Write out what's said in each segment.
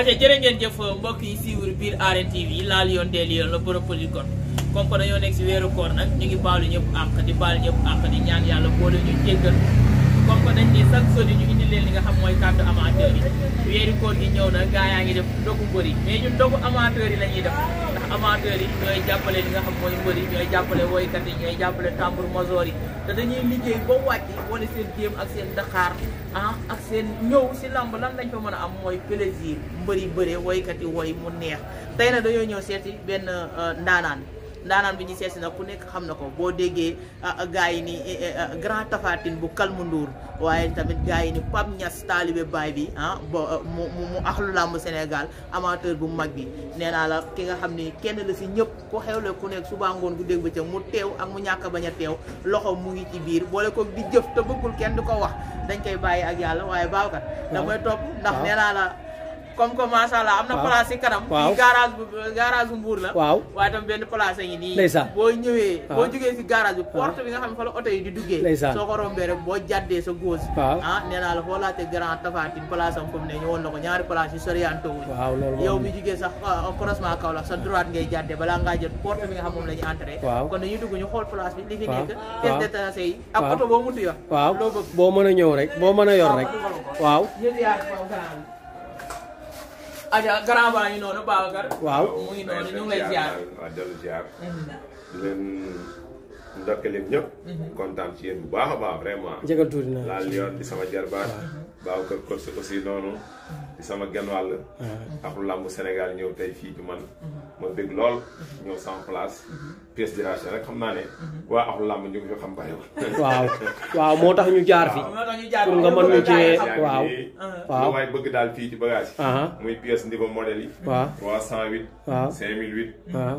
aca jërë ngeen jëf mbokk yi siiwul biir Arène TV laal yoon deel yoon la borom Polycom comme que dañoo nekk si weeru koor nag ñu ngi baalu ñëpp àq di baalu ñëpp àq di ñaan yàlla boole ñu jéggal comme que dañ ni chaque jeudi ñu indi leen li nga xam mooy kàddu amateur yi weeru koor gi ñëw na gaa yaa ngi def ndogu mbër yi mais ñun ndogu amateur yi la ñuy def ndax amateur yi ñooy jàppale li nga xam mooy mbër yi ñooy jàppale woykat yi ñooy jàppale tambour major yi te dañuy liggéey ba wàcc wane seen jéem ak seen daqaar ah ak seen ñëw si làmb lan lañ fa mën a am mooy plaisir mbëri bëree woykat yi woy mu neex tey na dañoo ñëw seeti benn euh, ndaanaan ndaanaan bi ñu seesi nag ku nekk xam na ko boo déggee gars yi ni e, e, grand tafatin bu kalmu nduur waaye tamit gaa yi ni Pape Niass taalibe baay bi ah mu mu axlu làmb Sénégal amateur bu mag bi nee naa la ki nga xam ni kenn la si ñëpp ku xewle ku nekk suba ngoon gu dégg ba ca mu teew ak mu ñàkk bañ a teew loxo mu ngi ci biir boole ko di jëf te kenn du ko wax dañ koy bàyyi ak yàlla waaye baaw kat damay topp ndax nee la comme que macha allah am na place si kanam. waaw garage garage bu mbuur la. waaw waaye tam benn place yi nii. ndeysaan boo ñëwee. boo jógee si garage bi porte bi nga xam ne fa la oto yi di duggee. ndeysaan soo ko rek boo jàddee sa góos. waaw ah nee naa la foo laatee grand tafatin place am comme ne ñëwoon na ko ñaari place yu soriante wuñ. waaw loolu yow mi jugee sax ah, ah, croisement Kaolack sa droite ngay jàddee balaa ngaa jël porte bi nga xam moom la ñu entré. waaw kon dañuy dugg ñu xool place bi. li fi nekk test détaché yi. ak oto boo mënti yor. waaw loo bëgg ñëw rek boo mën yor rek waaw Adja grand baa ngi noonu Babacar. waaw mu ngi noonu ñu ngi lay ziar. waaw dellu ziar. di leen. ndokkeel yëpp ñëpp. kontaan ci yéen bu baax a baax vraiment. jégal tuuti naa laal yoon di sama jarbaat. baaw kër kër si aussi noonu. di sama genn wàll. ak làmb Sénégal ñëw tey fii ci man. ma bég lool ñëw sans place. pièce d'identité rek xam naa ne. waa ak làmb ñu ngi fi xam bari waaw waaw moo tax ñu jaar fi. pour nga mën ñu cee waaw. waaw waay bëgg daal fii ci bagage muy pièce niveau modèle yi. 308. 5008. waaw.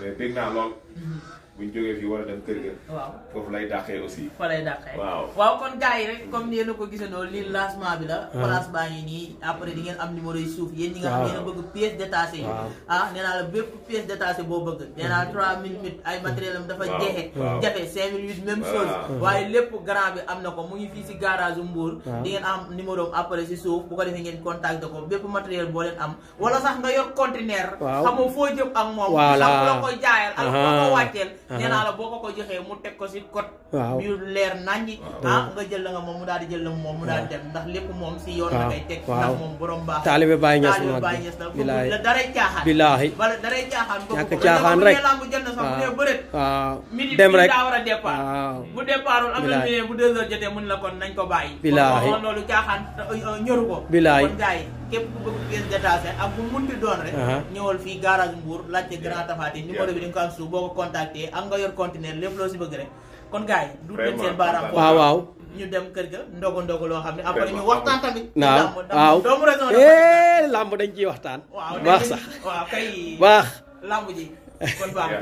mais bég naa lool. Mm-hmm. buñ jógee fii war a dem kër ga. foofu lay dàqee aussi. fa lay dàqee waaw. kon gars yi rek mm-hmm. comme yéen a ko gisandoo lii lancement bi la. Ah. place baa ngi nii après di ngeen am numéro yi suuf yéen ñi nga a bëgg ah, boo bëgg. nee naa 3000 mètres mm-hmm. ay matériel am dafa jeexee. jafe 5008 même chose. waaye lépp grand bi am na ko mu ngi fii si garage Mbour. di ngeen am numéro am après si suuf bu ko defee ngeen contacté ko bépp matériel boo leen am. wala sax nga yor conteneur. xamoo foo jëm ak moom. voilà bu la koy ah. jaayal ak boo ko ah. wàcceel ah. nee naa la boo ko ko joxee mu teg ko si code yu leer naññi ah nga jël la nga moom mu daal di jël la moom mu daal di dem ndax lépp yoon la ngay teg ndax moom borom baax taalibe Baay Ñas taalibe Baay Ñas la bëggul la daray caaxaan bilaahi bala daray caaxaan ñàkk caaxaan rek lamb jël bu dee bëret waaw midi dem rek daa war a képp ku bëgg pièce détachée ak bu munti doon rek uh-huh. ñëwal fii garage Mbour laajte Grand Tapha Tine numéro di nga ko am suuf boo ko contacté am nga yor conteneur lépp loo si bëgg rek kon gars yi du leen seen baaraam foofu waaw waaw ñu dem kër ga ndogu ndogu loo xam ne après ñu eh, lamb dañ ci waxtaan waaw baax sax waaw kay baax lamb ji kon baax